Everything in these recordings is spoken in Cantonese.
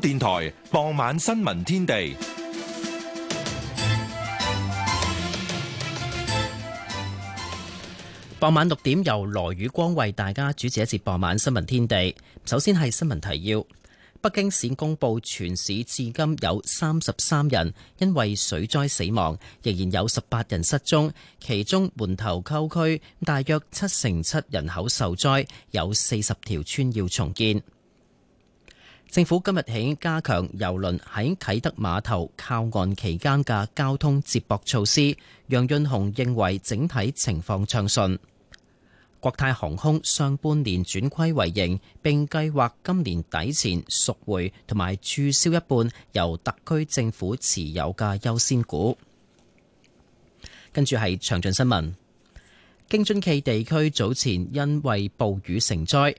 電台傍晚新聞天地。傍晚六點由羅宇光為大家主持一節傍晚新聞天地。首先係新聞提要：北京市公布全市至今有三十三人因為水災死亡，仍然有十八人失蹤，其中門頭溝區大約七成七人口受災，有四十條村要重建。政府今日起加強郵輪喺啟德碼頭靠岸期間嘅交通接駁措施。楊潤雄認為整體情況暢順。國泰航空上半年轉虧為盈，並計劃今年底前贖回同埋註銷一半由特區政府持有嘅優先股。跟住係詳盡新聞。京津冀地區早前因為暴雨成災。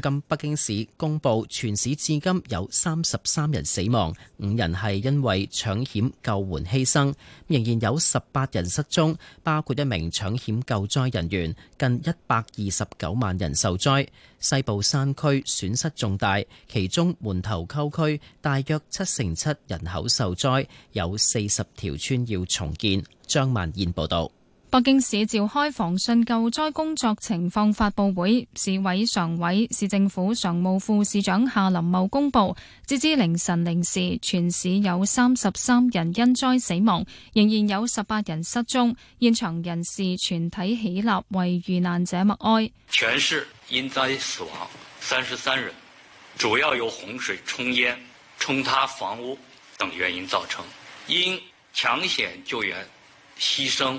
今北京市公布，全市至今有三十三人死亡，五人係因為搶險救援犧牲，仍然有十八人失蹤，包括一名搶險救災人員。近一百二十九萬人受災，西部山區損失重大，其中門頭溝區大約七成七人口受災，有四十條村要重建。張萬燕報道。北京市召開防汛救災工作情況發布會，市委常委、市政府常務副市長夏林茂公布，截至凌晨零時，全市有三十三人因災死亡，仍然有十八人失蹤。現場人士全體起立為遇難者默哀。全市因災死亡三十三人，主要由洪水沖淹、沖塌房屋等原因造成。因搶險救援犧牲。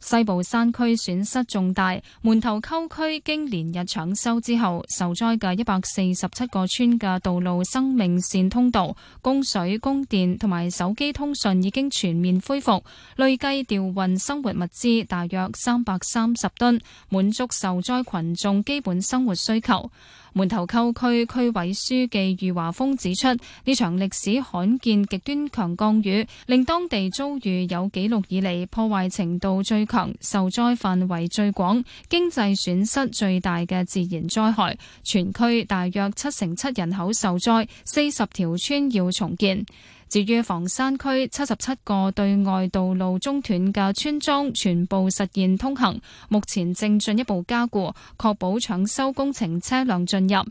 西部山區損失重大，門頭溝區經連日搶修之後，受災嘅一百四十七個村嘅道路、生命綫通道、供水、供電同埋手機通訊已經全面恢復，累計調運生活物資大約三百三十噸，滿足受災群眾基本生活需求。門頭溝區區委書記余華峰指出，呢場歷史罕見極端強降雨令當地遭遇有紀錄以嚟破壞程度最強、受災範圍最廣、經濟損失最大嘅自然災害，全區大約七成七人口受災，四十條村要重建。至於房山區七十七個對外道路中斷嘅村莊，全部實現通行，目前正進一步加固，確保搶修工程車輛進入。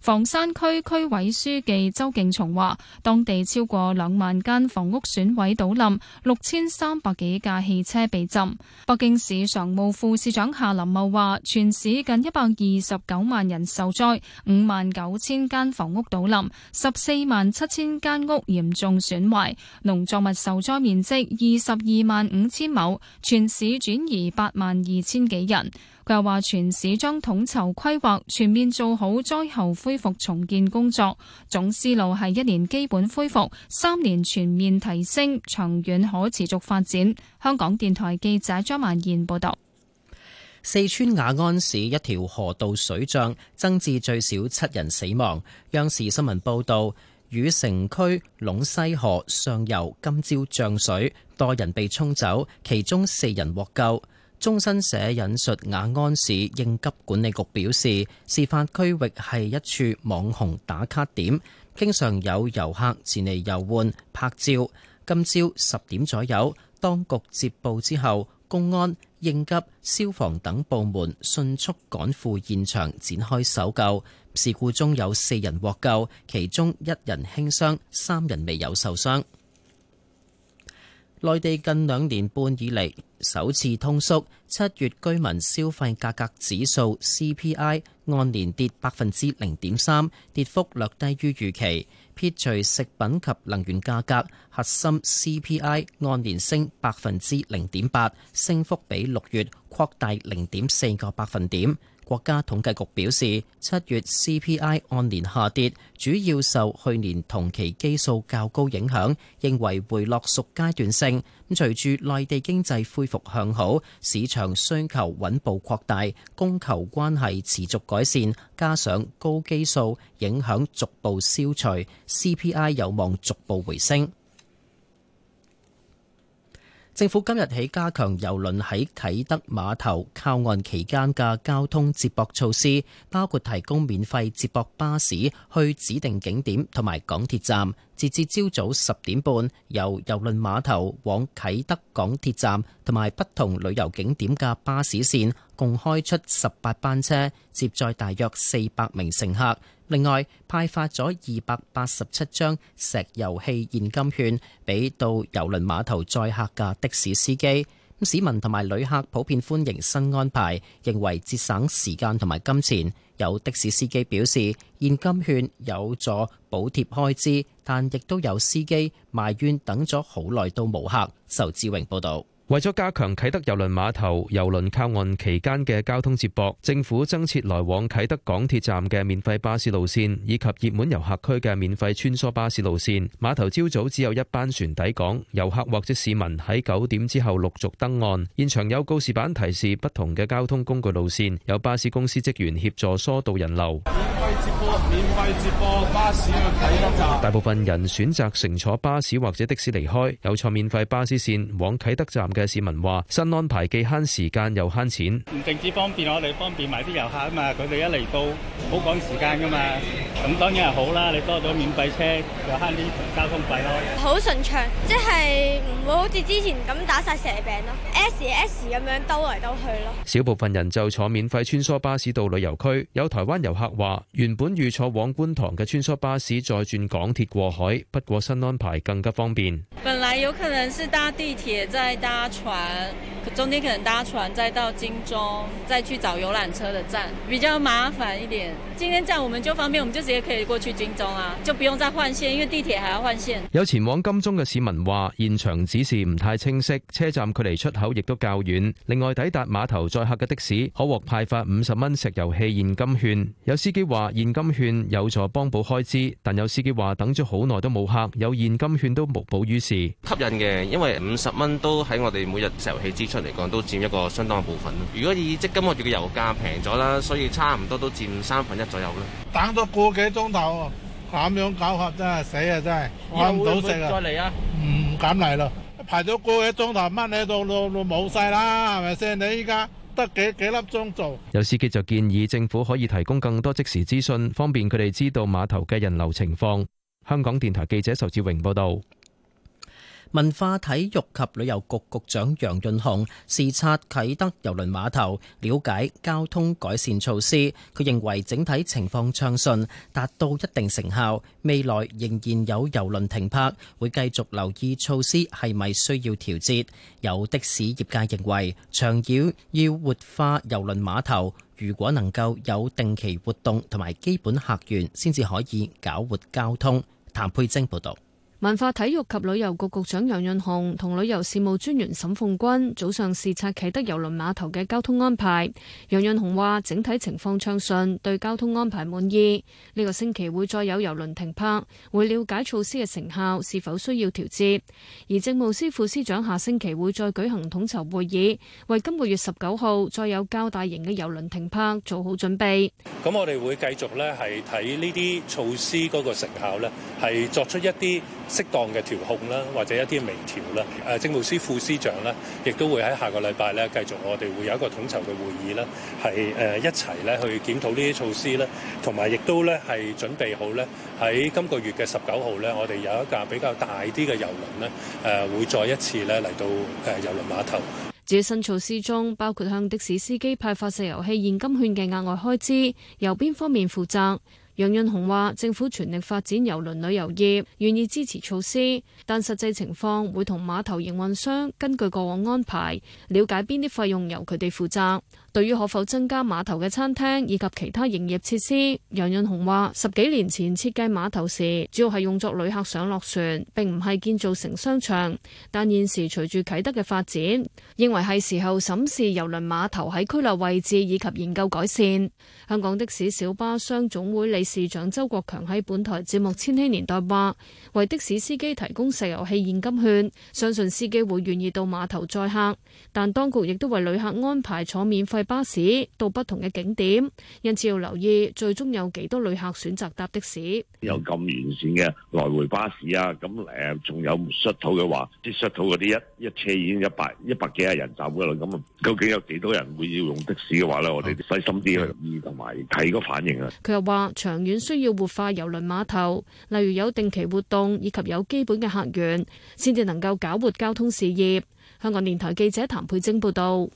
房山區區委書記周敬松話，當地超過兩萬間房屋損毀倒冧，六千三百幾架汽車被浸。北京市常務副市長夏林茂話，全市近一百二十九萬人受災，五萬九千間房屋倒冧，十四萬七千間屋嚴重損壞，農作物受災面積二十二萬五千畝，全市轉移八萬二千幾人。佢又話：全市將統籌規劃，全面做好災後恢復重建工作。總思路係一年基本恢復，三年全面提升，長遠可持續發展。香港電台記者張曼賢報導。四川雅安市一條河道水漲，增至最少七人死亡。央視新聞報導，雨城區隴西河上游今朝漲水，多人被沖走，其中四人獲救。中新社引述雅安市應急管理局表示，事發區域係一處網紅打卡點，經常有遊客前嚟遊玩拍照。今朝十點左右，當局接報之後，公安、應急、消防等部門迅速趕赴現場展開搜救。事故中有四人獲救，其中一人輕傷，三人未有受傷。內地近兩年半以嚟。首次通縮，七月居民消費價格指數 CPI 按年跌百分之零點三，跌幅略低於預期。撇除食品及能源價格，核心 CPI 按年升百分之零點八，升幅比六月擴大零點四個百分點。國家統計局表示，七月 CPI 按年下跌，主要受去年同期基數較高影響，認為回落屬階段性。咁隨住內地經濟恢復向好，市場需求穩步擴大，供求關係持續改善，加上高基數影響逐步消除，CPI 有望逐步回升。政府今日起加強郵輪喺啟德碼頭靠岸期間嘅交通接駁措施，包括提供免費接駁巴士去指定景點同埋港鐵站，截至朝早十點半由郵輪碼頭往啟德港鐵站同埋不同旅遊景點嘅巴士線共開出十八班車，接載大約四百名乘客。另外派發咗二百八十七張石油氣現金券俾到郵輪碼頭載客嘅的的士司機，市民同埋旅客普遍歡迎新安排，認為節省時間同埋金錢。有的士司機表示現金券有助補貼開支，但亦都有司機埋怨等咗好耐都冇客。仇志榮報道。為咗加強啟德郵輪碼頭郵輪靠岸期間嘅交通接駁，政府增設來往啟德港鐵站嘅免費巴士路線，以及熱門遊客區嘅免費穿梭巴士路線。碼頭朝早只有一班船抵港，遊客或者市民喺九點之後陸續登岸。現場有告示板提示不同嘅交通工具路線，有巴士公司職員協助疏導人流。免費接駁，免費接駁巴士去啟德站。大部分人選擇乘坐巴士或者的士離開，有坐免費巴士線往啟德站嘅市民話：新安排既慳時間又慳錢，唔淨止方便我哋，方便埋啲遊客啊嘛！佢哋一嚟到，好趕時間噶嘛，咁當然係好啦。你多咗免費車，就慳啲交通費咯。好順暢，即係唔會好似之前咁打晒蛇餅咯，S S 咁樣兜嚟兜去咯。少部分人就坐免費穿梭巴士到旅遊區。有台灣遊客話：原本預坐往觀塘嘅穿梭巴士再轉港鐵過海，不過新安排更加方便。本來有可能是搭地鐵再搭船，中間可能搭船再到金鐘，再去找遊覽車的站比較麻煩一點。今天站我們就方便，我們就直接可以過去金鐘啊，就不用再換線，因為地鐵還要換線。有前往金鐘嘅市民話，現場指示唔太清晰，車站距離出口亦都較遠。另外抵達碼頭載客嘅的、的士可獲派發五十蚊石油氣現金券。有司機話現金券有助幫補開支，但有司機話等咗好耐都冇客，有現金券都無補於事。吸引嘅，因為五十蚊都喺我。你每日石油氣支出嚟講，都佔一個相當嘅部分。如果以即今個月嘅油價平咗啦，所以差唔多都佔三分一左右啦。等咗個幾鐘頭，咁樣搞合真係死啊！真係揾唔到食再嚟啊！唔敢嚟咯，排咗個幾鐘頭，乜嘢都都冇曬啦，係咪先？你依家得幾幾粒鐘做？有司機就建議政府可以提供更多即時資訊，方便佢哋知道碼頭嘅人流情況。香港電台記者仇志榮報導。文化體育及旅遊局局長楊潤雄視察啟德郵輪碼頭，了解交通改善措施。佢認為整體情況暢順，達到一定成效。未來仍然有郵輪停泊，會繼續留意措施係咪需要調節。有的士業界認為，長遠要活化郵輪碼頭，如果能夠有定期活動同埋基本客源，先至可以搞活交通。譚佩晶報道。文化體育及旅遊局局長楊潤雄同旅遊事務專員沈鳳君早上視察啟德郵輪碼頭嘅交通安排。楊潤雄話：整體情況暢順，對交通安排滿意。呢個星期會再有郵輪停泊，會了解措施嘅成效是否需要調節。而政務司副司長下星期會再舉行統籌會議，為今個月十九號再有較大型嘅郵輪停泊做好準備。咁我哋會繼續呢，係睇呢啲措施嗰個成效，呢係作出一啲。適當嘅調控啦，或者一啲微調啦。誒，政務司副司長呢，亦都會喺下個禮拜呢繼續，我哋會有一個統籌嘅會議啦，係誒一齊呢去檢討呢啲措施啦。同埋亦都呢係準備好呢，喺今個月嘅十九號呢，我哋有一架比較大啲嘅郵輪呢，誒會再一次呢嚟到誒郵輪碼頭。至於新措施中包括向的士司機派發石油氣現金券嘅額外開支，由邊方面負責？楊潤雄話：政府全力發展郵輪旅遊業，願意支持措施，但實際情況會同碼頭營運商根據過往安排，了解邊啲費用由佢哋負責。對於可否增加碼頭嘅餐廳以及其他營業設施，楊潤雄話：十幾年前設計碼頭時，主要係用作旅客上落船，並唔係建造成商場。但現時隨住啟德嘅發展，認為係時候審視郵輪碼頭喺區內位置以及研究改善。香港的士小巴商總會理事長周國強喺本台節目《千禧年代》話：為的士司機提供石油氣現金券，相信司機會願意到碼頭載客。但當局亦都為旅客安排坐免費巴士到不同嘅景點，因此要留意最終有幾多旅客選擇搭的士。有咁完善嘅來回巴士啊，咁誒仲有 shuttle 嘅話，啲 shuttle 嗰啲一一車已經一百一百幾廿人走噶啦。咁啊究竟有幾多人會要用的士嘅話咧？我哋細心啲去留意同埋睇個反應啊。佢又話：長遠需要活化郵輪碼頭，例如有定期活動以及有基本嘅客源，先至能夠搞活交通事業。香港電台記者譚佩晶報導。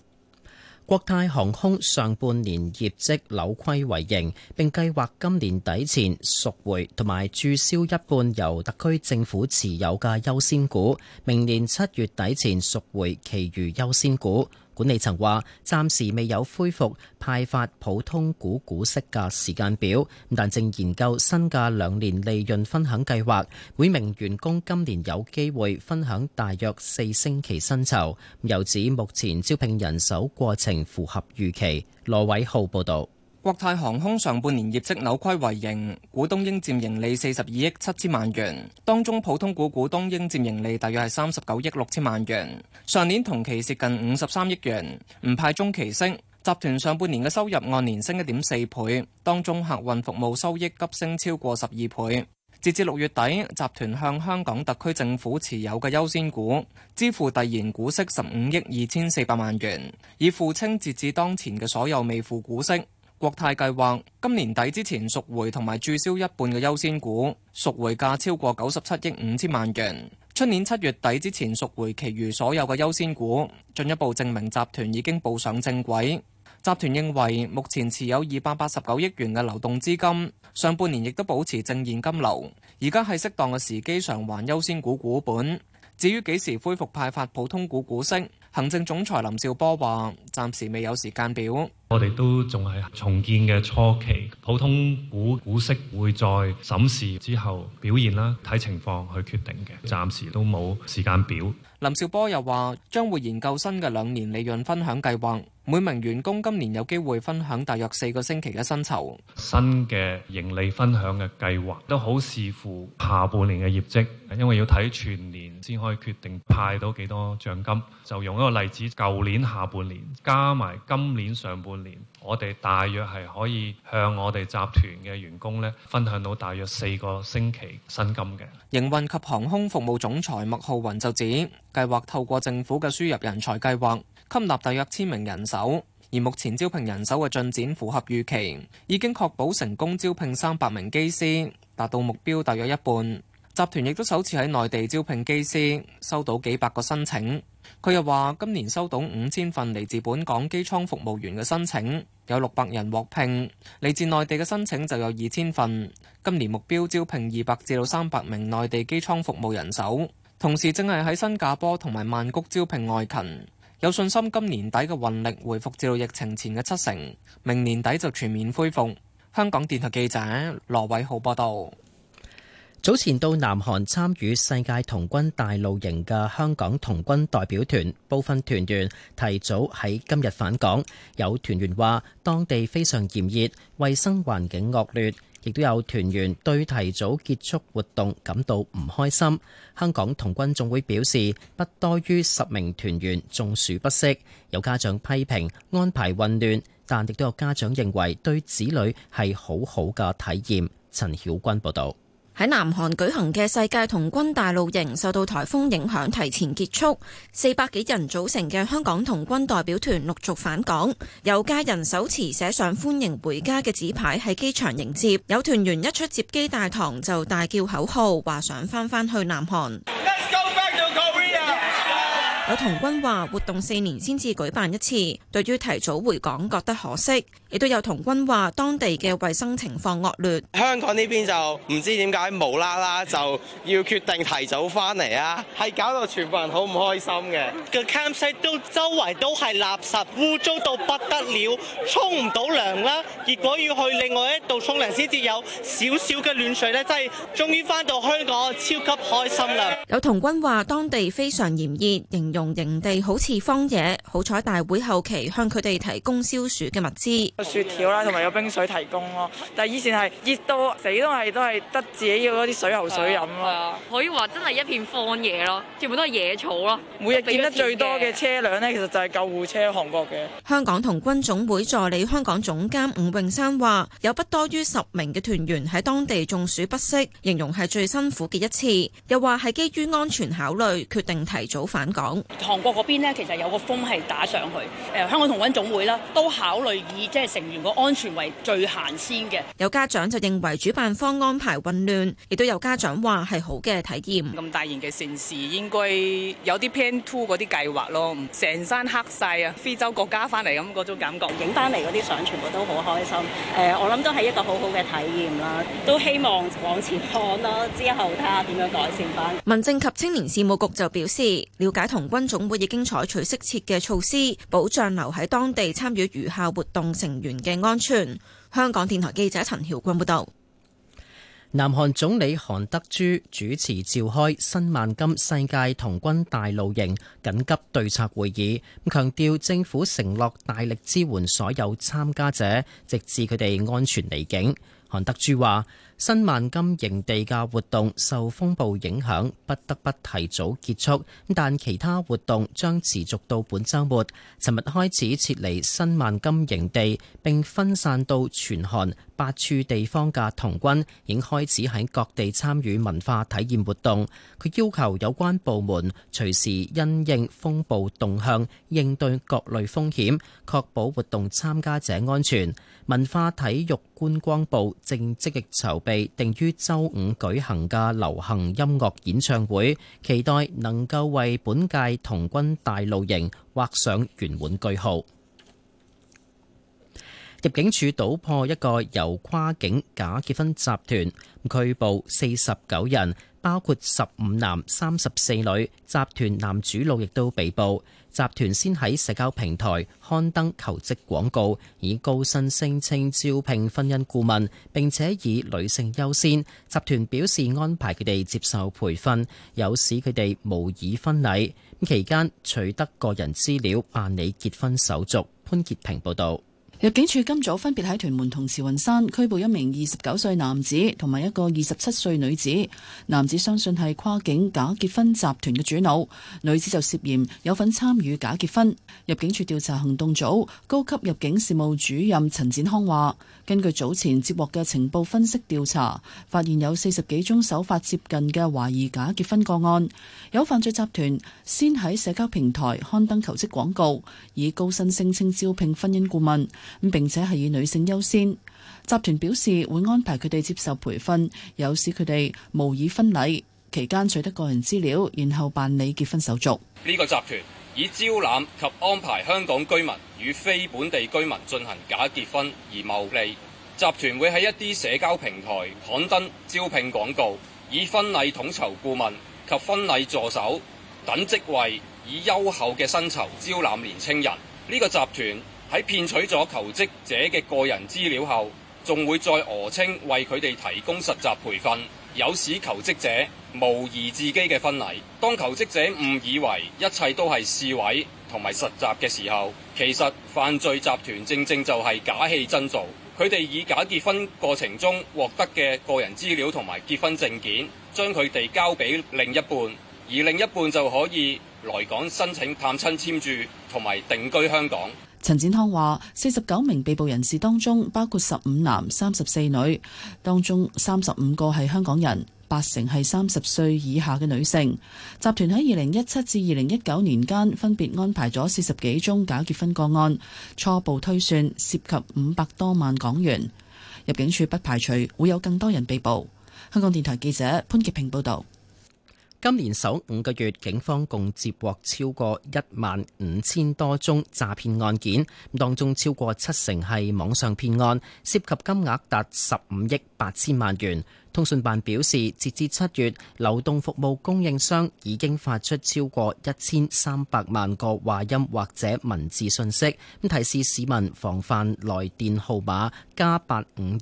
國泰航空上半年業績扭虧為盈，並計劃今年底前贖回同埋註銷一半由特區政府持有嘅優先股，明年七月底前贖回其餘優先股。管理層話，暫時未有恢復派發普通股股息嘅時間表，但正研究新嘅兩年利潤分享計劃。每名員工今年有機會分享大約四星期薪酬。又指目前招聘人手過程符合預期。羅偉浩報道。國泰航空上半年業績扭虧為盈，股東應占盈利四十二億七千萬元，當中普通股股東應占盈利大約係三十九億六千萬元，上年同期蝕近五十三億元。唔派中期息。集團上半年嘅收入按年升一點四倍，當中客運服務收益急升超過十二倍。截至六月底，集團向香港特區政府持有嘅優先股支付遞延股息十五億二千四百萬元，以付清截至當前嘅所有未付股息。國泰計劃今年底之前贖回同埋注銷一半嘅優先股，贖回價超過九十七億五千萬元。出年七月底之前贖回其餘所有嘅優先股，進一步證明集團已經步上正軌。集團認為目前持有二百八十九億元嘅流動資金，上半年亦都保持正現金流，而家係適當嘅時機償還優先股股本。至於幾時恢復派發普通股股息？行政總裁林紹波話：暫時未有時間表。我哋都仲係重建嘅初期，普通股股息會在審視之後表現啦，睇情況去決定嘅。暫時都冇時間表。林紹波又話：將會研究新嘅兩年利潤分享計劃。每名員工今年有機會分享大約四個星期嘅薪酬。新嘅盈利分享嘅計劃都好視乎下半年嘅業績，因為要睇全年先可以決定派到幾多獎金。就用一個例子，舊年下半年加埋今年上半年，我哋大約係可以向我哋集團嘅員工咧分享到大約四個星期薪金嘅。營運及航空服務總裁麥浩雲就指，計劃透過政府嘅輸入人才計劃，吸納大約千名人手，而目前招聘人手嘅進展符合預期，已經確保成功招聘三百名機師，達到目標大約一半。集團亦都首次喺內地招聘機師，收到幾百個申請。佢又話，今年收到五千份嚟自本港機艙服務員嘅申請，有六百人獲聘，嚟自內地嘅申請就有二千份。今年目標招聘二百至到三百名內地機艙服務人手，同時正係喺新加坡同埋曼谷招聘外勤。有信心今年底嘅運力回復至到疫情前嘅七成，明年底就全面恢復。香港電台記者羅偉浩報道，早前到南韓參與世界童軍大露營嘅香港童軍代表團，部分團員提早喺今日返港。有團員話，當地非常炎熱，衛生環境惡劣。亦都有團員對提早結束活動感到唔開心。香港童軍總會表示，不多於十名團員中暑不適。有家長批評安排混亂，但亦都有家長認為對子女係好好嘅體驗。陳曉君報導。喺南韓舉行嘅世界童軍大露營受到台風影響提前結束，四百幾人組成嘅香港童軍代表團陸續返港，有家人手持寫上歡迎回家嘅紙牌喺機場迎接，有團員一出接機大堂就大叫口號，話想翻返去南韓。有童軍話活動四年先至舉辦一次，對於提早回港覺得可惜。亦都有童軍話，當地嘅衛生情況惡劣。香港呢邊就唔知點解無啦啦就要決定提早翻嚟啊，係搞到全部人好唔開心嘅。個 campsite 都周圍都係垃圾，污糟到不得了，沖唔到涼啦。結果要去另外一度沖涼先至有少少嘅暖水呢，真係終於翻到香港，超級開心啦。有童軍話，當地非常炎熱，形容營地好似荒野。好彩大會後期向佢哋提供消暑嘅物資。雪條啦，同埋有冰水提供咯。但係以前係熱到死，都係都係得自己要嗰啲水喉水飲咯。可以話真係一片荒野咯，全部都係野草咯。每日見得最多嘅車輛呢，其實就係救護車。韓國嘅香港童軍總會助理香港總監伍泳山話：有不多於十名嘅團員喺當地中暑不適，形容係最辛苦嘅一次。又話係基於安全考慮，決定提早返港。韓國嗰邊咧，其實有個風係打上去。誒，香港童軍總會啦，都考慮以即係。成員個安全為最行先嘅。有家長就認為主辦方安排混亂，亦都有家長話係好嘅體驗。咁大型嘅盛事應該有啲 plan two 嗰啲計劃咯，成山黑晒啊！非洲國家翻嚟咁嗰種感覺，影翻嚟嗰啲相全部都好開心。誒，我諗都係一個好好嘅體驗啦。都希望往前看啦，之後睇下點樣改善翻。民政及青年事務局就表示，了解同軍總會已經採取，取適切嘅措施，保障留喺當地參與餘下活動成員嘅安全。香港電台記者陳曉君報道，南韓總理韓德洙主持召開新萬金世界童軍大露營緊急對策會議，強調政府承諾大力支援所有參加者，直至佢哋安全離境。韓德珠話：新萬金營地嘅活動受風暴影響，不得不提早結束。但其他活動將持續到本周末。尋日開始撤離新萬金營地，並分散到全韓八處地方嘅童軍，已經開始喺各地參與文化體驗活動。佢要求有關部門隨時因應風暴動向，應對各類風險，確保活動參加者安全。文化體育觀光部正積極籌備定於週五舉行嘅流行音樂演唱會，期待能夠為本屆童軍大露營畫上圓滿句號。入境處搗破一個由跨境假結婚集團，拘捕四十九人。包括十五男三十四女，集團男主腦亦都被捕。集團先喺社交平台刊登求職廣告，以高薪聲稱招聘婚姻顧問，並且以女性優先。集團表示安排佢哋接受培訓，有使佢哋模擬婚禮，期間取得個人資料辦理結婚手續。潘潔平報道。入境處今早分別喺屯門同慈雲山拘捕一名二十九歲男子同埋一個二十七歲女子，男子相信係跨境假結婚集團嘅主腦，女子就涉嫌有份參與假結婚。入境處調查行動組高級入境事務主任陳展康話，根據早前接獲嘅情報分析調查，發現有四十幾宗手法接近嘅懷疑假結婚個案，有犯罪集團先喺社交平台刊登求職廣告，以高薪聲稱招聘婚姻顧問。咁並且係以女性優先。集團表示會安排佢哋接受培訓，有時佢哋模擬婚禮期間取得個人資料，然後辦理結婚手續。呢個集團以招攬及安排香港居民與非本地居民進行假結婚而牟利。集團會喺一啲社交平台刊登招聘廣告，以婚禮統籌顧問及婚禮助手等職位，以優厚嘅薪酬招攬年輕人。呢、這個集團。喺騙取咗求職者嘅個人資料後，仲會再訛稱為佢哋提供實習培訓，誘使求職者無疑自己嘅婚禮。當求職者誤以為一切都係示威同埋實習嘅時候，其實犯罪集團正正就係假戲真做。佢哋以假結婚過程中獲得嘅個人資料同埋結婚證件，將佢哋交俾另一半，而另一半就可以來港申請探親簽注同埋定居香港。陳展康話，四十九名被捕人士當中，包括十五男、三十四女，當中三十五個係香港人，八成係三十歲以下嘅女性。集團喺二零一七至二零一九年間分別安排咗四十幾宗假結婚個案，初步推算涉及五百多萬港元。入境處不排除會有更多人被捕。香港電台記者潘潔平報道。今年首五個月，警方共接獲超過一萬五千多宗詐騙案件，當中超過七成係網上騙案，涉及金額達十五億八千萬元。通訊辦表示，截至七月，流動服務供應商已經發出超過一千三百萬個話音或者文字信息，咁提示市民防範來電號碼加八五二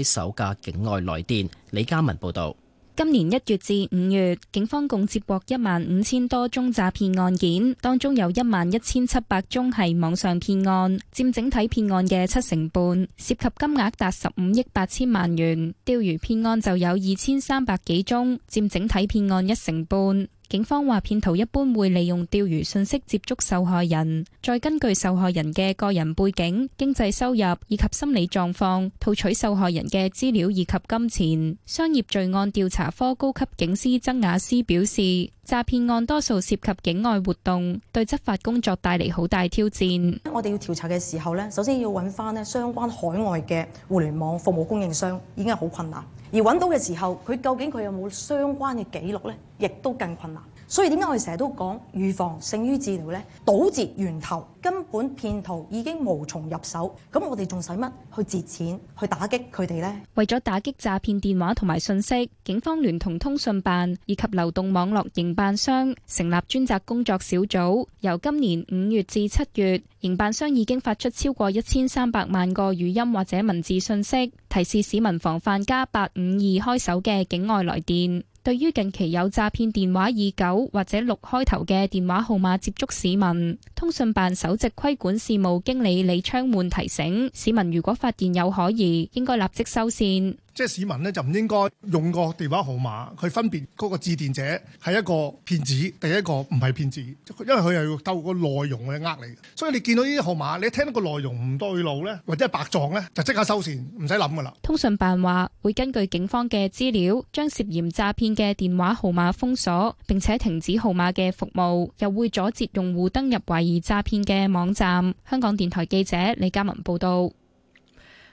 開首嘅境外來電。李嘉文報道。今年一月至五月，警方共接獲一萬五千多宗詐騙案件，當中有一萬一千七百宗係網上騙案，佔整體騙案嘅七成半，涉及金額達十五億八千萬元。釣魚騙案就有二千三百幾宗，佔整體騙案一成半。警方話，騙徒一般會利用釣魚信息接觸受害人，再根據受害人嘅個人背景、經濟收入以及心理狀況，套取受害人嘅資料以及金錢。商業罪案調查科高級警司曾雅思表示。詐騙案多數涉及境外活動，對執法工作帶嚟好大挑戰。我哋要調查嘅時候咧，首先要揾返咧相關海外嘅互聯網服務供應商，已經係好困難。而揾到嘅時候，佢究竟佢有冇相關嘅記錄咧，亦都更困難。所以點解我哋成日都講預防勝於治療呢？堵截源頭，根本騙徒已經無從入手，咁我哋仲使乜去截錢去打擊佢哋呢？為咗打擊詐騙電話同埋訊息，警方聯同通訊辦以及流動網絡營辦商成立專責工作小組，由今年五月至七月，營辦商已經發出超過一千三百萬個語音或者文字訊息，提示市民防範加八五二開首嘅境外來電。對於近期有詐騙電話以九或者六開頭嘅電話號碼接觸市民，通訊辦首席規管事務經理李昌煥提醒市民，如果發現有可疑，應該立即收線。即市民咧，就唔應該用個電話號碼去分別嗰個致電者係一個騙子。第一個唔係騙子，因為佢係兜個內容去呃你。所以你見到呢啲號碼，你一聽到個內容唔對路呢，或者係白撞呢，就即刻收線，唔使諗噶啦。通訊辦話會根據警方嘅資料，將涉嫌詐騙嘅電話號碼封鎖，並且停止號碼嘅服務，又會阻截用戶登入懷疑詐騙嘅網站。香港電台記者李嘉文報道。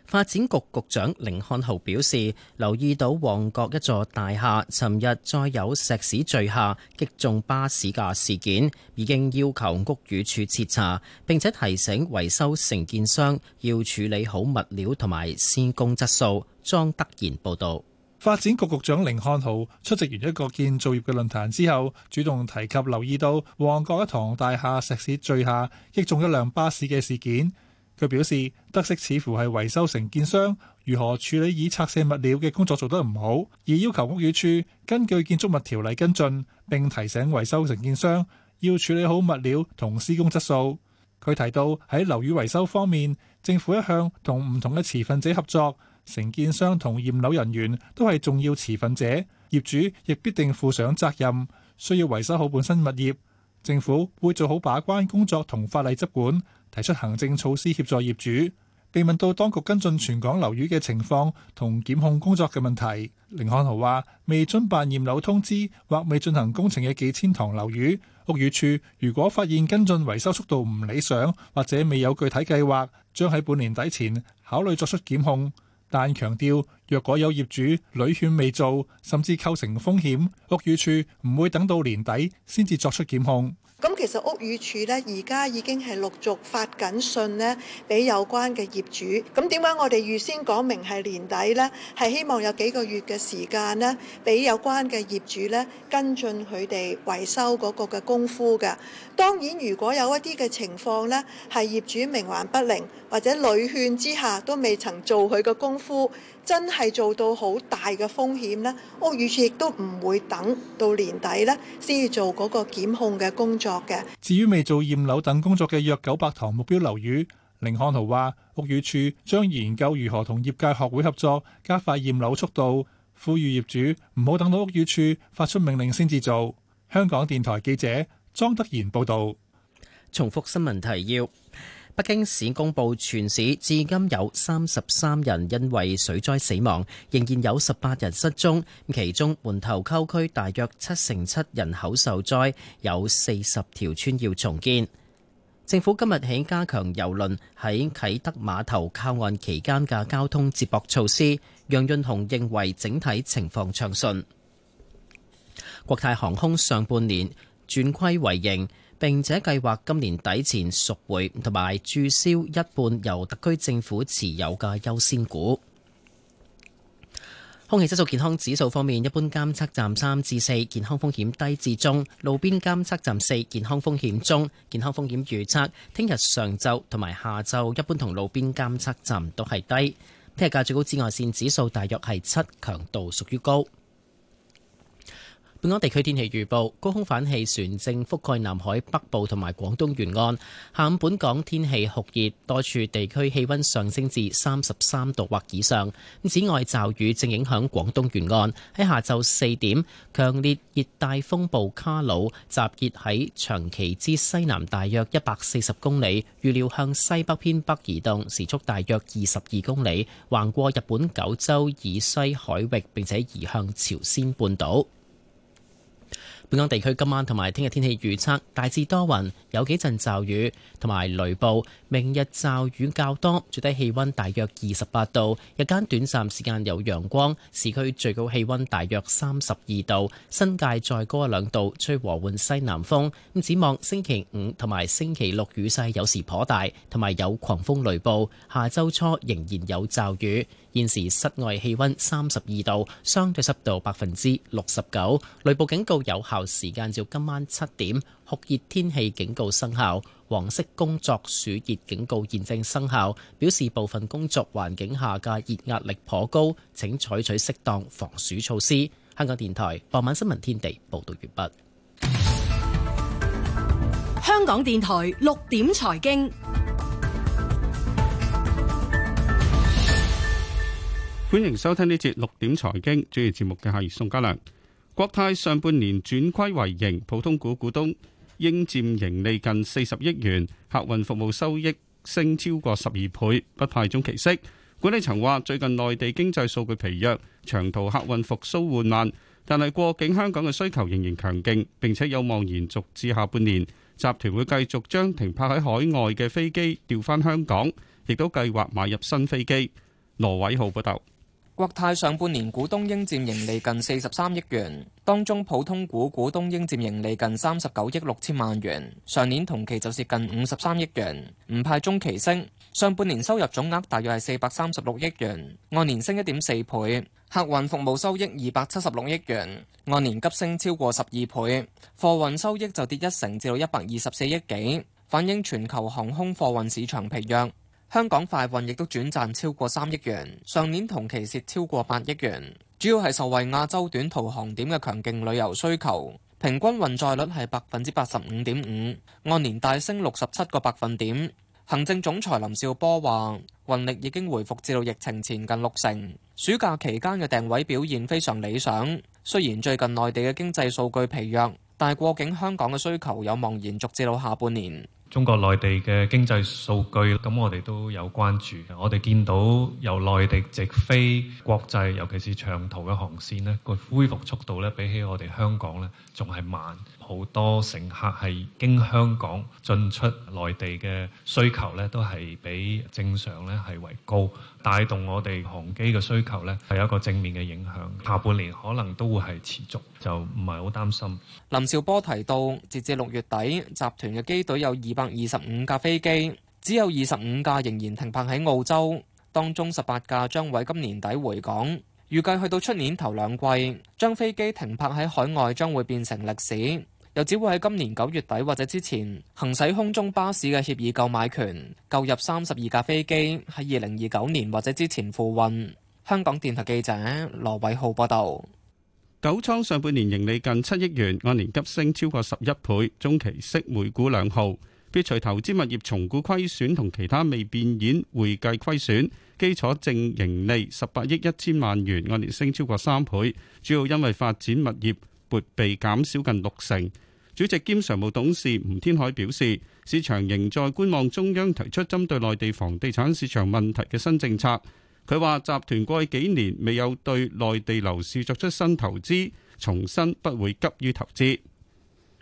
發展局局長甯漢豪表示，留意到旺角一座大廈尋日再有石屎墜下擊中巴士嘅事件，已經要求屋宇署徹查，並且提醒維修承建商要處理好物料同埋施工質素。莊德賢報導，發展局局長甯漢豪出席完一個建造業嘅論壇之後，主動提及留意到旺角一幢大廈石屎墜下擊中一輛巴士嘅事件。佢表示，得悉似乎係維修承建商如何處理已拆卸物料嘅工作做得唔好，而要求屋宇署根據建築物條例跟進，並提醒維修承建商要處理好物料同施工質素。佢提到喺樓宇維修方面，政府一向同唔同嘅持份者合作，承建商同驗樓人員都係重要持份者，業主亦必定負上責任，需要維修好本身物業，政府會做好把關工作同法例執管。提出行政措施協助業主。被問到當局跟進全港樓宇嘅情況同檢控工作嘅問題，寧漢豪話：未遵辦驗樓通知或未進行工程嘅幾千幢樓宇，屋宇署如果發現跟進維修速度唔理想或者未有具體計劃，將喺半年底前考慮作出檢控。但強調。若果有業主屢勸未做，甚至構成風險，屋宇署唔會等到年底先至作出檢控。咁其實屋宇署呢，而家已經係陸續發緊信呢俾有關嘅業主。咁點解我哋預先講明係年底呢？係希望有幾個月嘅時間呢俾有關嘅業主呢跟進佢哋維修嗰個嘅功夫㗎。當然，如果有一啲嘅情況呢，係業主冥頑不靈，或者屢勸之下都未曾做佢嘅功夫。真係做到好大嘅風險咧，屋宇署亦都唔會等到年底咧先至做嗰個檢控嘅工作嘅。至於未做驗樓等工作嘅約九百幢目標樓宇，寧漢豪話屋宇署將研究如何同業界學會合作，加快驗樓速度，呼籲業主唔好等到屋宇署發出命令先至做。香港電台記者莊德賢報道，重複新聞提要。北京市公布全市至今有三十三人因為水災死亡，仍然有十八人失蹤。其中門頭溝區大約七成七人口受災，有四十條村要重建。政府今日起加強郵輪喺啟德碼頭靠岸期間嘅交通接駁措施。楊潤雄認為整體情況暢順。國泰航空上半年轉虧為盈。並且計劃今年底前贖回同埋註銷一半由特區政府持有嘅優先股。空氣質素健康指數方面，一般監測站三至四，健康風險低至中；路邊監測站四，健康風險中。健康風險預測，聽日上晝同埋下晝一般同路邊監測站都係低。聽日嘅最高紫外線指數大約係七，強度屬於高。本港地區天氣預報，高空反氣旋正覆蓋南海北部同埋廣東沿岸。下午本港天氣酷熱，多處地區氣溫上升至三十三度或以上。此外驟雨正影響廣東沿岸。喺下晝四點，強烈熱帶風暴卡魯集結喺長崎之西南，大約一百四十公里，預料向西北偏北移動，時速大約二十二公里，橫過日本九州以西海域，並且移向朝鮮半島。本港地區今晚同埋聽日天氣預測大致多雲，有幾陣驟雨同埋雷暴。明日驟雨較多，最低氣温大約二十八度，日間短暫時間有陽光，市區最高氣温大約三十二度，新界再高一兩度，吹和緩西南風。咁展望星期五同埋星期六雨勢有時頗大，同埋有狂風雷暴。下周初仍然有驟雨。現時室外氣溫三十二度，相對濕度百分之六十九。雷暴警告有效時間至今晚七點。酷熱天氣警告生效，黃色工作暑熱警告現正生效，表示部分工作環境下嘅熱壓力頗高，請採取適當防暑措施。香港電台傍晚新聞天地報道完畢。香港電台六點財經。歡迎收聽呢節六點財經，主持節目嘅係宋家良。國泰上半年轉虧為盈，普通股股東應佔盈利近四十億元，客運服務收益升超過十二倍，不派中期息。管理層話，最近內地經濟數據疲弱，長途客運復甦緩慢，但係過境香港嘅需求仍然強勁，並且有望延續至下半年。集團會繼續將停泊喺海外嘅飛機調返香港，亦都計劃買入新飛機。羅偉浩報道。國泰上半年股東應佔盈利近四十三億元，當中普通股股東應佔盈利近三十九億六千萬元，上年同期就蝕近五十三億元，唔派中期息。上半年收入總額大約係四百三十六億元，按年升一點四倍。客運服務收益二百七十六億元，按年急升超過十二倍。貨運收益就跌一成，至到一百二十四億幾，反映全球航空貨運市場疲弱。香港快運亦都轉賺超過三億元，上年同期蝕超過八億元，主要係受惠亞洲短途航點嘅強勁旅遊需求，平均運載率係百分之八十五點五，按年大升六十七個百分點。行政總裁林紹波話：運力已經回復至到疫情前近六成，暑假期間嘅訂位表現非常理想。雖然最近內地嘅經濟數據疲弱，但係過境香港嘅需求有望延續至到下半年。中國內地嘅經濟數據，咁我哋都有關注。我哋見到由內地直飛國際，尤其是長途嘅航線咧，佢恢復速度比起我哋香港咧，仲係慢。好多乘客係經香港進出內地嘅需求咧，都係比正常咧係為高，帶動我哋航機嘅需求咧係有一個正面嘅影響。下半年可能都會係持續，就唔係好擔心。林紹波提到，截至六月底，集團嘅機隊有二百二十五架飛機，只有二十五架仍然停泊喺澳洲，當中十八架將會今年底回港。預計去到出年頭兩季，將飛機停泊喺海外將會變成歷史。又只會喺今年九月底或者之前行使空中巴士嘅協議購買權，購入三十二架飛機，喺二零二九年或者之前付運。香港電台記者羅偉浩報道。九倉上半年盈利近七億元，按年急升超過十一倍，中期息每股兩毫，撇除投資物業重估虧損同其他未變現會計虧損，基礎淨盈利十八億一千萬元，按年升超過三倍，主要因為發展物業撥備減少近六成。主席兼常務董事吳天海表示，市場仍在觀望中央提出針對內地房地產市場問題嘅新政策。佢話集團過去幾年未有對內地樓市作出新投資，重申不會急於投資。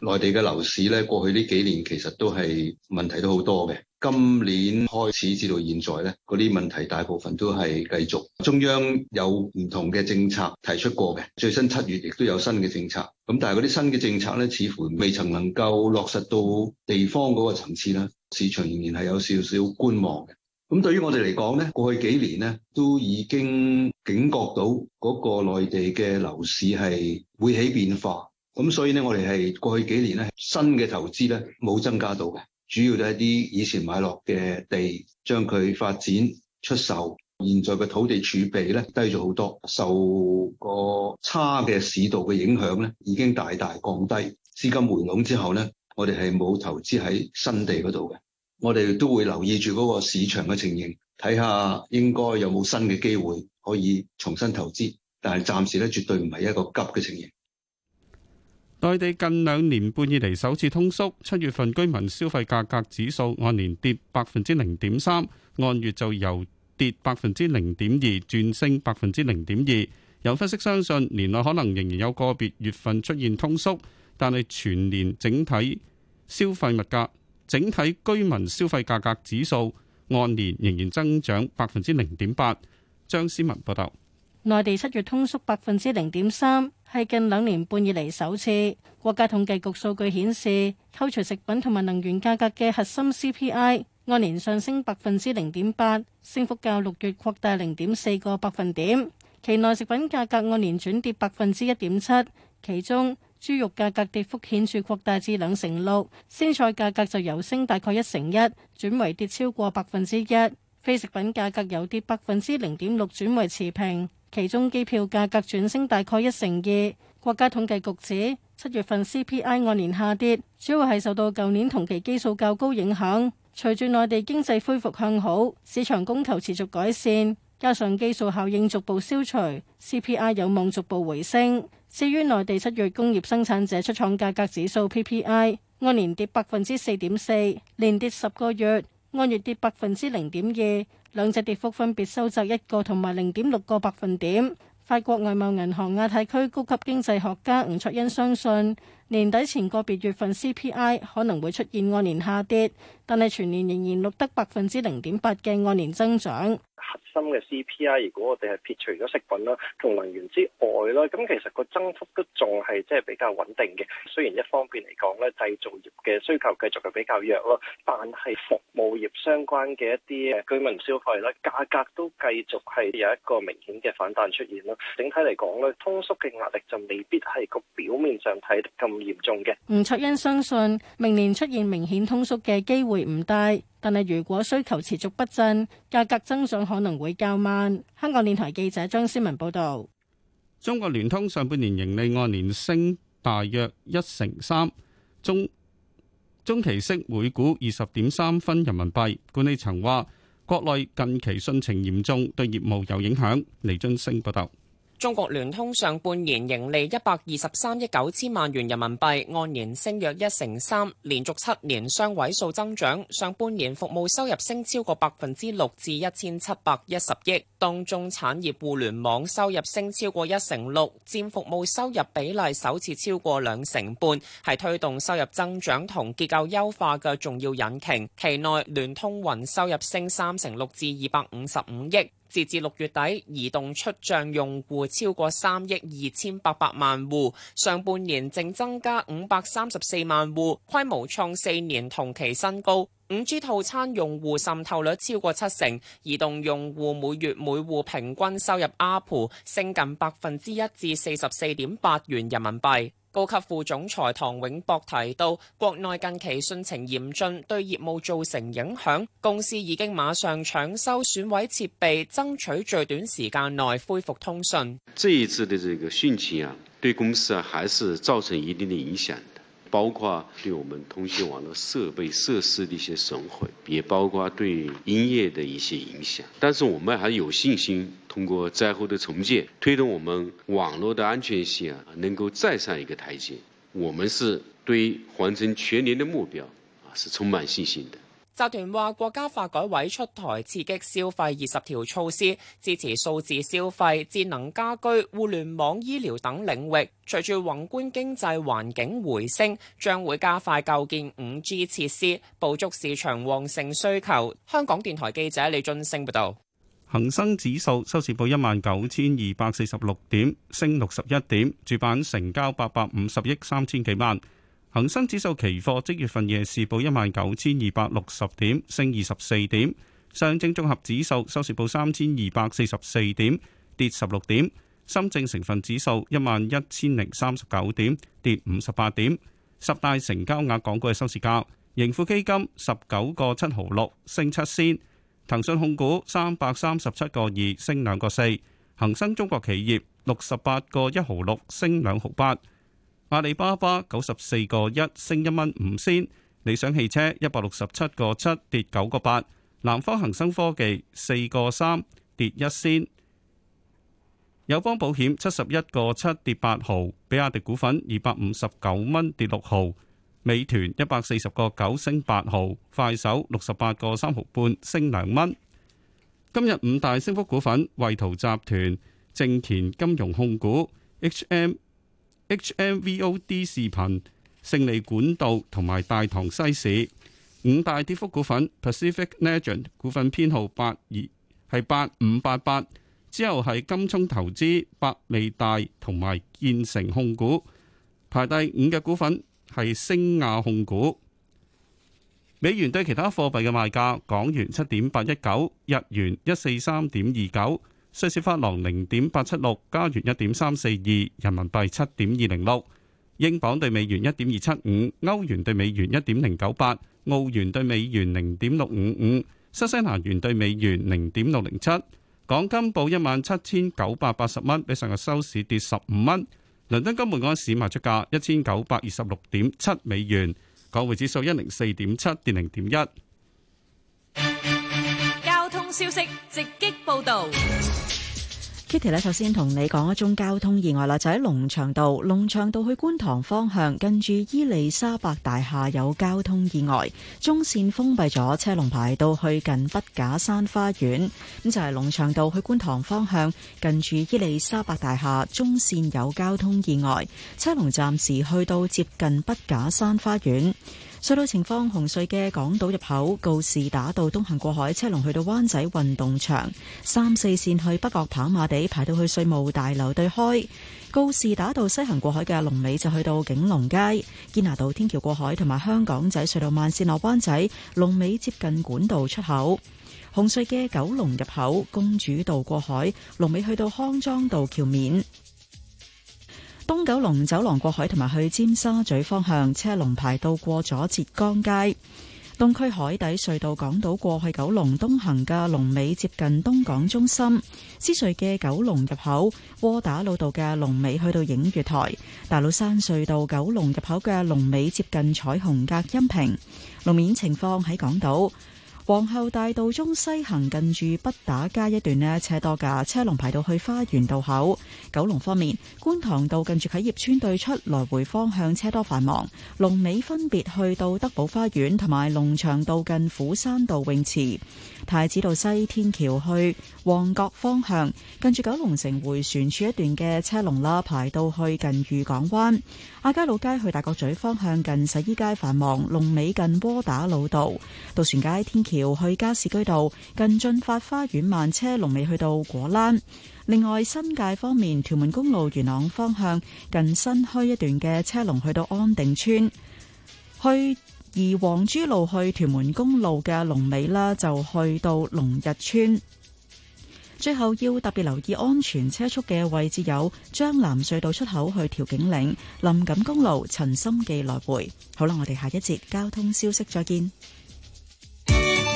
內地嘅樓市咧，過去呢幾年其實都係問題都好多嘅。今年開始至到現在咧，嗰啲問題大部分都係繼續。中央有唔同嘅政策提出過嘅，最新七月亦都有新嘅政策。咁但係嗰啲新嘅政策咧，似乎未曾能夠落實到地方嗰個層次啦。市場仍然係有少少觀望嘅。咁對於我哋嚟講咧，過去幾年咧都已經警覺到嗰個內地嘅樓市係會起變化。咁所以咧，我哋係過去幾年咧，新嘅投資咧冇增加到嘅，主要都係啲以前買落嘅地，將佢發展出售。現在嘅土地儲備咧低咗好多，受個差嘅市道嘅影響咧，已經大大降低資金回籠之後咧，我哋係冇投資喺新地嗰度嘅。我哋都會留意住嗰個市場嘅情形，睇下應該有冇新嘅機會可以重新投資，但係暫時咧絕對唔係一個急嘅情形。內地近兩年半以嚟首次通縮，七月份居民消費價格指數按年跌百分之零點三，按月就由跌百分之零點二轉升百分之零點二。有分析相信，年內可能仍然有個別月份出現通縮，但係全年整體消費物價、整體居民消費價格指數按年仍然增長百分之零點八。張思文報道，內地七月通縮百分之零點三。係近兩年半以嚟首次。國家統計局數據顯示，扣除食品同埋能源價格嘅核心 CPI 按年上升百分之零點八，升幅較六月擴大零點四個百分點。期內食品價格按年轉跌百分之一點七，其中豬肉價格跌幅顯著擴大至兩成六，鮮菜價格就由升大概一成一轉為跌超過百分之一。非食品價格由跌百分之零點六，轉為持平。其中機票價格轉升大概一成二。國家統計局指，七月份 CPI 按年下跌，主要係受到舊年同期基數較高影響。隨住內地經濟恢復向好，市場供求持續改善，加上基數效應逐步消除，CPI 有望逐步回升。至於內地七月工業生產者出廠價格指數 PPI 按年跌百分之四點四，連跌十個月。按月跌百分之零點二，兩隻跌幅分別收窄一個同埋零點六個百分點。法國外貿銀行亞太區高級經濟學家吳卓恩相信。年底前個別月份 CPI 可能會出現按年下跌，但係全年仍然錄得百分之零點八嘅按年增長。核心嘅 CPI 如果我哋係撇除咗食品啦同能源之外啦，咁其實個增幅都仲係即係比較穩定嘅。雖然一方面嚟講咧，製造業嘅需求繼續係比較弱咯，但係服務業相關嘅一啲居民消費咧，價格都繼續係有一個明顯嘅反彈出現啦。整體嚟講咧，通縮嘅壓力就未必係個表面上睇得咁唔嚴重嘅。吳卓恩相信明年出現明顯通縮嘅機會唔大，但係如果需求持續不振，價格增長可能會較慢。香港電台記者張思文報導。中國聯通上半年盈利按年升大約一成三，中中期息每股二十點三分人民幣。管理層話國內近期汛情嚴重，對業務有影響。李津升報導。中國聯通上半年盈利一百二十三億九千萬元人民幣，按年升約一成三，連續七年雙位數增長。上半年服務收入升超過百分之六，至一千七百一十億，當中產業互聯網收入升超過一成六，佔服務收入比例首次超過兩成半，係推動收入增長同結構優化嘅重要引擎。期內聯通雲收入升三成六，至二百五十五億。截至六月底，移動出賬用戶超過三億二千八百萬戶，上半年淨增加五百三十四萬戶，規模創四年同期新高。五 G 套餐用戶滲透率超過七成，移動用戶每月每戶平均收入 ARPU 升近百分之一至四十四點八元人民幣。高級副總裁唐永博提到，國內近期汛情嚴峻，對業務造成影響，公司已經馬上搶修損毀設備，爭取最短時間內恢復通訊。這一次的這個汛情啊，對公司啊還是造成一定的影響。包括對我們通信網絡設備設施的一些損毀，也包括對營業的一些影響，但是我們還有信心，通過災後的重建，推動我們網絡的安全性啊，能夠再上一個台階，我們是對完成全年的目標，啊，是充滿信心的。集團話：國家發改委出台刺激消費二十條措施，支持數字消費、智能家居、互聯網醫療等領域。隨住宏觀經濟環境回升，將會加快構建五 G 設施，捕捉市場旺盛需求。香港電台記者李津升報道：恒生指數收市報一萬九千二百四十六點，升六十一點，主板成交八百五十億三千幾萬。恒生指數期貨即月份夜市報一萬九千二百六十點，升二十四點。上證綜合指數收市報三千二百四十四點，跌十六點。深證成分指數一萬一千零三十九點，跌五十八點。十大成交額港股嘅收市價：盈富基金十九個七毫六，升七仙；騰訊控股三百三十七個二，升兩個四；恒生中國企業六十八個一毫六，升兩毫八。阿里巴巴九十四個一升一蚊五仙，理想汽車一百六十七個七跌九個八，南方恒生科技四個三跌一仙，友邦保險七十一個七跌八毫，比亞迪股份二百五十九蚊跌六毫，美團一百四十個九升八毫，快手六十八個三毫半升兩蚊。今日五大升幅股份：惠圖集團、正田金融控股、H M。H.M.V.O.D. 視頻、勝利管道同埋大唐西市五大跌幅股份 Pacific Legend 股份編號八二係八五八八，之後係金聰投資、百利大同埋建成控股排第五嘅股份係星亞控股。美元對其他貨幣嘅賣價：港元七點八一九，日元一四三點二九。瑞士法郎零點八七六，加元一點三四二，人民幣七點二零六，英鎊兌美元一點二七五，歐元兌美元一點零九八，澳元兌美元零點六五五，新西蘭元兌美元零點六零七。港金報一萬七千九百八十蚊，比上日收市跌十五蚊。倫敦金每盎司賣出價一千九百二十六點七美元，港匯指數一零四點七跌零點一。交通消息直擊報道。Kitty 咧，頭先同你講一宗交通意外啦，就喺龍翔道，龍翔道去觀塘方向，近住伊利沙伯大廈有交通意外，中線封閉咗，車龍排到去近筆架山花園。咁就係龍翔道去觀塘方向，近住伊利沙伯大廈中線有交通意外，車龍暫時去到接近筆架山花園。隧道情況：紅隧嘅港島入口告士打道東行過海，車龍去到灣仔運動場；三四線去北角跑馬地排到去稅務大樓對開；告士打道西行過海嘅龍尾就去到景隆街堅拿道天橋過海，同埋香港仔隧道慢線落灣仔龍尾接近管道出口。紅隧嘅九龍入口公主道過海，龍尾去到康莊道橋面。東九龍走廊過海同埋去尖沙咀方向車龍排到過咗浙江街，東區海底隧道港島過去九龍東行嘅龍尾接近東港中心，獅隧嘅九龍入口窩打老道嘅龍尾去到映月台，大老山隧道九龍入口嘅龍尾接近彩虹隔音屏，路面情況喺港島。皇后大道中西行近住北打街一段呢，車多架，車龍排到去花園道口。九龍方面，觀塘道近住啟業邨對出，來回方向車多繁忙。龍尾分別去到德寶花園同埋龍翔道近虎山道泳池、太子道西天橋去旺角方向，近住九龍城回旋處一段嘅車龍啦，排到去近御港灣，亞皆老街去大角咀方向近洗衣街繁忙，龍尾近窩打老道、渡船街天橋。條，去加士居道，近駿發花園慢車龍尾去到果欄。另外新界方面，屯門公路元朗方向近新墟一段嘅車龍去到安定邨。去而黃珠路去屯門公路嘅龍尾啦，就去到龍逸邨。最後要特別留意安全車速嘅位置有張南隧道出口去調景嶺、林錦公路、陳心記來回。好啦，我哋下一節交通消息再見。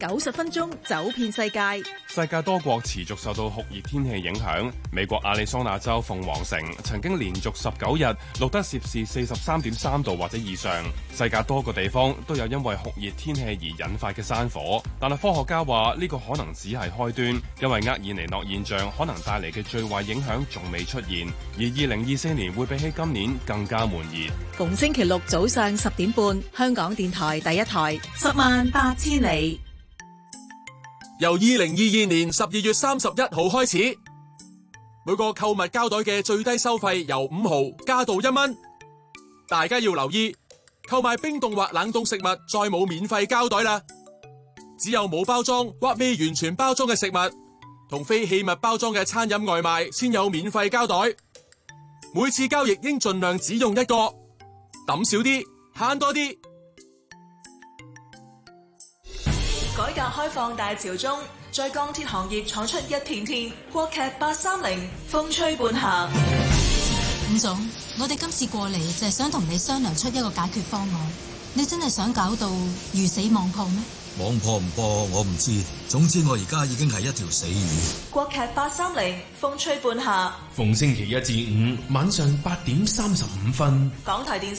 九十分鐘走遍世界。世界多國持續受到酷熱天氣影響。美國亞利桑那州鳳凰城曾經連續十九日錄得攝氏四十三點三度或者以上。世界多個地方都有因為酷熱天氣而引發嘅山火。但係科學家話呢個可能只係開端，因為厄爾尼諾現象可能帶嚟嘅最壞影響仲未出現。而二零二四年會比起今年更加悶熱。逢星期六早上十點半，香港電台第一台，十萬八千里。由2022年12月31號開始，每個購物膠袋嘅最低收費由5毫加到1蚊。大家要留意，購買冰凍或冷凍食物再冇免費膠袋啦。只有冇包裝，或未完全包裝的食物，同非器物包裝的餐飲外賣先有免費膠袋。每次交易應盡量只用一個，揼少啲，慳多啲。改革開放大潮中，在鋼鐵行業闖出一片天。國劇八三零，風吹半夏。伍總，我哋今次過嚟就係想同你商量出一個解決方案。你真係想搞到魚死網破咩？網破唔破，我唔知。總之我而家已經係一條死魚。國劇八三零，風吹半夏。逢星期一至五晚上八點三十五分，港台電視。